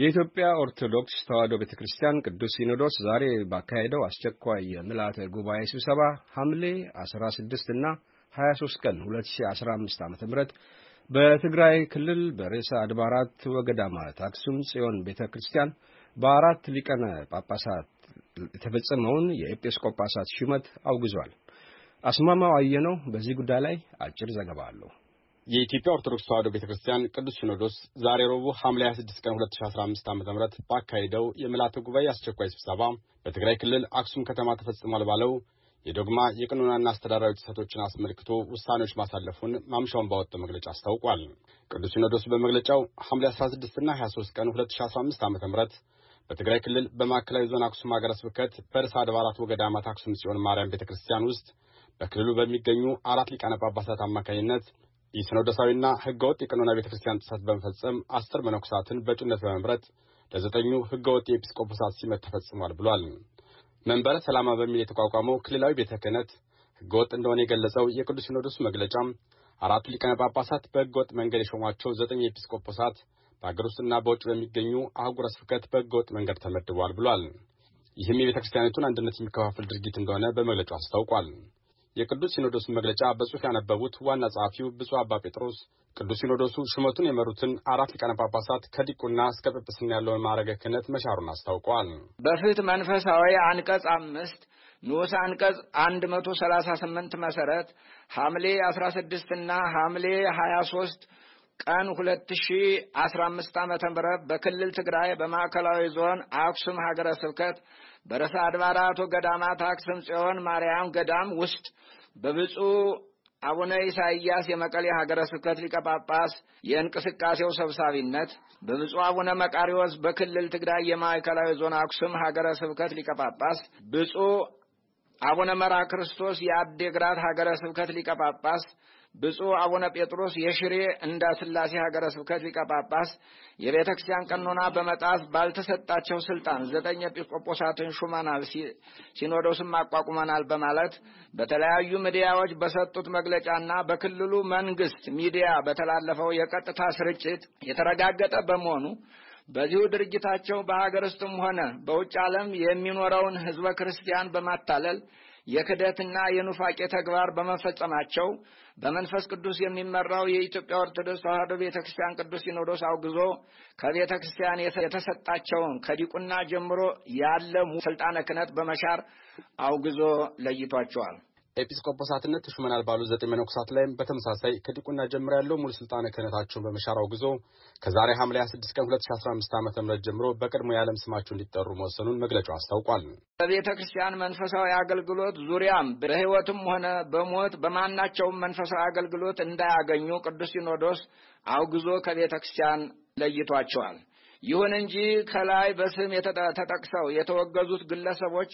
የኢትዮጵያ ኦርቶዶክስ ተዋሕዶ ቤተ ክርስቲያን ቅዱስ ሲኖዶስ ዛሬ ባካሄደው አስቸኳይ የምልአተ ጉባኤ ስብሰባ ሐምሌ 16 እና 23 ቀን 2015 ዓ ም በትግራይ ክልል በርዕሰ አድባራት ወገዳማት አክሱም ጽዮን ቤተ ክርስቲያን በአራት ሊቀነ ጳጳሳት የተፈጸመውን የኤጲስቆጳሳት ሹመት አውግዟል። አስማማው አየነው በዚህ ጉዳይ ላይ አጭር ዘገባ አለው። የኢትዮጵያ ኦርቶዶክስ ተዋሕዶ ቤተ ክርስቲያን ቅዱስ ሲኖዶስ ዛሬ ረቡዕ ሐምሌ 26 ቀን 2015 ዓ ም ባካሄደው የምልዓተ ጉባኤ አስቸኳይ ስብሰባ በትግራይ ክልል አክሱም ከተማ ተፈጽሟል ባለው የዶግማ የቅኑናና አስተዳደራዊ ጥሰቶችን አስመልክቶ ውሳኔዎች ማሳለፉን ማምሻውን ባወጣው መግለጫ አስታውቋል። ቅዱስ ሲኖዶስ በመግለጫው ሐምሌ 16ና 23 ቀን 2015 ዓ ም በትግራይ ክልል በማዕከላዊ ዞን አክሱም ሀገረ ስብከት በርዕሰ አድባራት ወገዳማት አክሱም ጽዮን ማርያም ቤተ ክርስቲያን ውስጥ በክልሉ በሚገኙ አራት ሊቃነ ጳጳሳት አማካኝነት የሲኖዶሳዊና ህገወጥ የቀኖና ቤተ ክርስቲያን ጥሰት በመፈጸም አስር መነኮሳትን በእጩነት በመምረጥ ለዘጠኙ ህገወጥ የኤጲስቆጶሳት ሲመት ተፈጽሟል ብሏል። መንበረ ሰላማ በሚል የተቋቋመው ክልላዊ ቤተ ክህነት ህገወጥ እንደሆነ የገለጸው የቅዱስ ሲኖዶስ መግለጫ አራቱ ሊቃነ ጳጳሳት በህገወጥ መንገድ የሾሟቸው ዘጠኝ ኤጲስቆጶሳት በአገር ውስጥና በውጭ በሚገኙ አህጉረ ስብከት በህገወጥ መንገድ ተመድበዋል ብሏል። ይህም የቤተ ክርስቲያኒቱን አንድነት የሚከፋፍል ድርጊት እንደሆነ በመግለጫው አስታውቋል። የቅዱስ ሲኖዶስን መግለጫ በጽሑፍ ያነበቡት ዋና ጸሐፊው ብፁዕ አባ ጴጥሮስ ቅዱስ ሲኖዶሱ ሹመቱን የመሩትን አራት ሊቃነ ጳጳሳት ከዲቁና እስከ ጵጵስና ያለውን ማዕረገ ክህነት መሻሩን አስታውቋል። በፍትህ መንፈሳዊ አንቀጽ አምስት ንዑስ አንቀጽ 138 መሠረት ሐምሌ 16 እና ሐምሌ 23 ቀን 2015 ዓመተ ምህረት በክልል ትግራይ በማዕከላዊ ዞን አክሱም ሀገረ ስብከት በርዕሰ አድባራት ገዳማት አክሱም ጽዮን ማርያም ገዳም ውስጥ በብፁዕ አቡነ ኢሳይያስ የመቀሌ ሀገረ ስብከት ሊቀ ጳጳስ የእንቅስቃሴው ሰብሳቢነት በብፁዕ አቡነ መቃሪዎስ በክልል ትግራይ የማዕከላዊ ዞን አክሱም ሀገረ ስብከት ሊቀ ጳጳስ ብፁዕ አቡነ መራ ክርስቶስ የአዴግራት ሀገረ ስብከት ሊቀ ጳጳስ ብፁዕ አቡነ ጴጥሮስ የሽሬ እንዳ ስላሴ ሀገረ ስብከት ሊቀ ጳጳስ የቤተ ክርስቲያን ቀኖና በመጣፍ ባልተሰጣቸው ስልጣን ዘጠኝ ኤጲስቆጶሳትን ሹመናል፣ ሲኖዶስም አቋቁመናል በማለት በተለያዩ ሚዲያዎች በሰጡት መግለጫና በክልሉ መንግስት ሚዲያ በተላለፈው የቀጥታ ስርጭት የተረጋገጠ በመሆኑ በዚሁ ድርጅታቸው በሀገር ውስጥም ሆነ በውጭ ዓለም የሚኖረውን ህዝበ ክርስቲያን በማታለል የክደትና የኑፋቄ ተግባር በመፈጸማቸው በመንፈስ ቅዱስ የሚመራው የኢትዮጵያ ኦርቶዶክስ ተዋሕዶ ቤተ ክርስቲያን ቅዱስ ሲኖዶስ አውግዞ ከቤተ ክርስቲያን የተሰጣቸውን ከዲቁና ጀምሮ ያለ ስልጣነ ክህነት በመሻር አውግዞ ለይቷቸዋል። ኤጲስቆጶሳትነት ተሹመናል ባሉ ዘጠኝ መነኮሳት ላይም በተመሳሳይ ከዲቁና ጀምሮ ያለው ሙሉ ስልጣነ ክህነታቸውን በመሻር አውግዞ ከዛሬ ሐምሌ 26 ቀን 2015 ዓ ም ጀምሮ በቀድሞ የዓለም ስማቸው እንዲጠሩ መወሰኑን መግለጫው አስታውቋል። በቤተ ክርስቲያን መንፈሳዊ አገልግሎት ዙሪያም በሕይወትም ሆነ በሞት በማናቸውም መንፈሳዊ አገልግሎት እንዳያገኙ ቅዱስ ሲኖዶስ አውግዞ ከቤተ ክርስቲያን ለይቷቸዋል። ይሁን እንጂ ከላይ በስም ተጠቅሰው የተወገዙት ግለሰቦች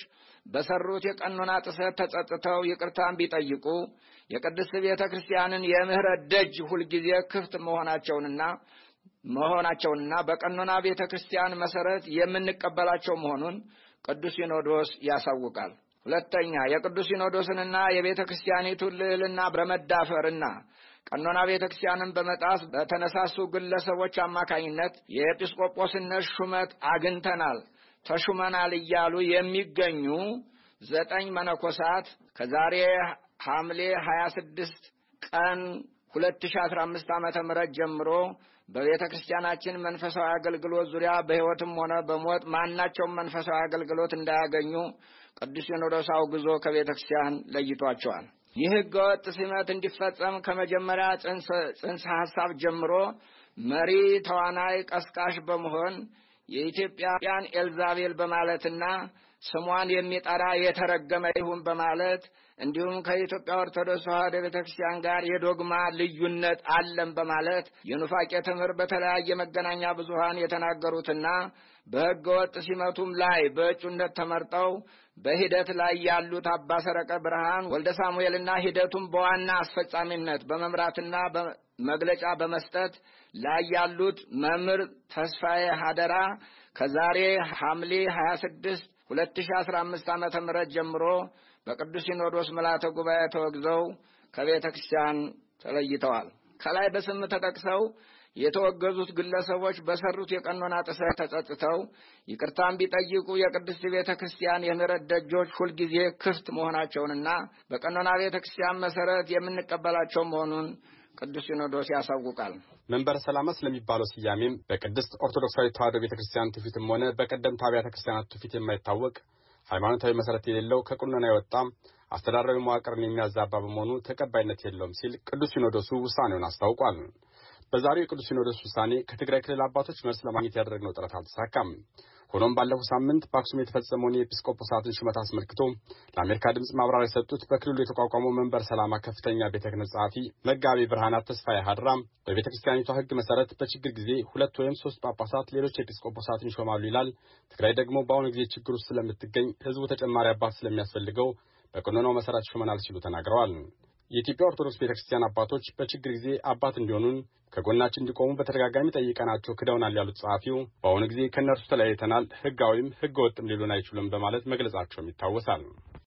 በሰሩት የቀኖና ጥሰት ተጸጥተው ይቅርታን ቢጠይቁ የቅድስት ቤተ ክርስቲያንን የምህረት ደጅ ሁልጊዜ ክፍት መሆናቸውንና መሆናቸውንና በቀኖና ቤተ ክርስቲያን መሰረት የምንቀበላቸው መሆኑን ቅዱስ ሲኖዶስ ያሳውቃል። ሁለተኛ የቅዱስ ሲኖዶስንና የቤተ ክርስቲያኒቱን ልዕልና በመዳፈርና ቀኖና ቤተ ክርስቲያንን በመጣስ በተነሳሱ ግለሰቦች አማካኝነት የኤጲስቆጶስነት ሹመት አግኝተናል፣ ተሹመናል እያሉ የሚገኙ ዘጠኝ መነኮሳት ከዛሬ ሐምሌ 26 ቀን 2015 ዓ ም ጀምሮ በቤተ ክርስቲያናችን መንፈሳዊ አገልግሎት ዙሪያ በሕይወትም ሆነ በሞት ማናቸውም መንፈሳዊ አገልግሎት እንዳያገኙ ቅዱስ ሲኖዶስ አውግዞ ከቤተ ክርስቲያን ለይቷቸዋል። ይህ ህገወጥ ስመት እንዲፈጸም ከመጀመሪያ ጽንሰ ሐሳብ ጀምሮ መሪ ተዋናይ ቀስቃሽ በመሆን የኢትዮጵያውያን ኤልዛቤል በማለትና ስሟን የሚጠራ የተረገመ ይሁን በማለት እንዲሁም ከኢትዮጵያ ኦርቶዶክስ ተዋሕዶ ቤተ ክርስቲያን ጋር የዶግማ ልዩነት አለን በማለት የኑፋቄ ትምህርት በተለያየ መገናኛ ብዙሃን የተናገሩትና በሕገ ወጥ ሲመቱም ላይ በእጩነት ተመርጠው በሂደት ላይ ያሉት አባ ሰረቀ ብርሃን ወልደ ሳሙኤልና ሂደቱን በዋና አስፈጻሚነት በመምራትና መግለጫ በመስጠት ላይ ያሉት መምህር ተስፋዬ ሀደራ ከዛሬ ሐምሌ 26 2015 ዓመተ ምህረት ጀምሮ በቅዱስ ሲኖዶስ ምልዓተ ጉባኤ ተወግዘው ከቤተ ክርስቲያን ተለይተዋል። ከላይ በስም ተጠቅሰው የተወገዙት ግለሰቦች በሰሩት የቀኖና ጥሰት ተጸጽተው ይቅርታን ቢጠይቁ የቅድስት ቤተ ክርስቲያን የምህረት ደጆች ሁልጊዜ ክፍት መሆናቸውንና በቀኖና ቤተ ክርስቲያን መሠረት የምንቀበላቸው መሆኑን ቅዱስ ሲኖዶስ ያሳውቃል። መንበረ ሰላማ ስለሚባለው ስያሜም በቅድስት ኦርቶዶክሳዊ ተዋሕዶ ቤተ ክርስቲያን ትውፊትም ሆነ በቀደምት አብያተ ክርስቲያናት ትውፊት የማይታወቅ ሃይማኖታዊ መሰረት የሌለው ከቁነና የወጣ አስተዳደራዊ መዋቅርን የሚያዛባ በመሆኑ ተቀባይነት የለውም ሲል ቅዱስ ሲኖዶሱ ውሳኔውን አስታውቋል። በዛሬው የቅዱስ ሲኖዶስ ውሳኔ ከትግራይ ክልል አባቶች መልስ ለማግኘት ያደረግነው ጥረት አልተሳካም። ሆኖም ባለፈው ሳምንት በአክሱም የተፈጸመውን የኤጲስቆጶሳትን ሹመት አስመልክቶ ለአሜሪካ ድምፅ ማብራሪያ የሰጡት በክልሉ የተቋቋመው መንበር ሰላማ ከፍተኛ ቤተ ክህነት ጸሐፊ መጋቤ ብርሃናት ተስፋ ሀድራ በቤተ ክርስቲያኒቷ ሕግ መሰረት በችግር ጊዜ ሁለት ወይም ሶስት ጳጳሳት ሌሎች ኤጲስቆጶሳትን ይሾማሉ ይላል። ትግራይ ደግሞ በአሁኑ ጊዜ ችግር ውስጥ ስለምትገኝ ሕዝቡ ተጨማሪ አባት ስለሚያስፈልገው በቅኖናው መሰረት ይሾመናል ሲሉ ተናግረዋል። የኢትዮጵያ ኦርቶዶክስ ቤተክርስቲያን አባቶች በችግር ጊዜ አባት እንዲሆኑን ከጎናችን እንዲቆሙ በተደጋጋሚ ጠይቀናቸው ክደውናል ያሉት ጸሐፊው በአሁኑ ጊዜ ከእነርሱ ተለያይተናል፣ ሕጋዊም ህገ ወጥም ሊሉን አይችሉም በማለት መግለጻቸውም ይታወሳል።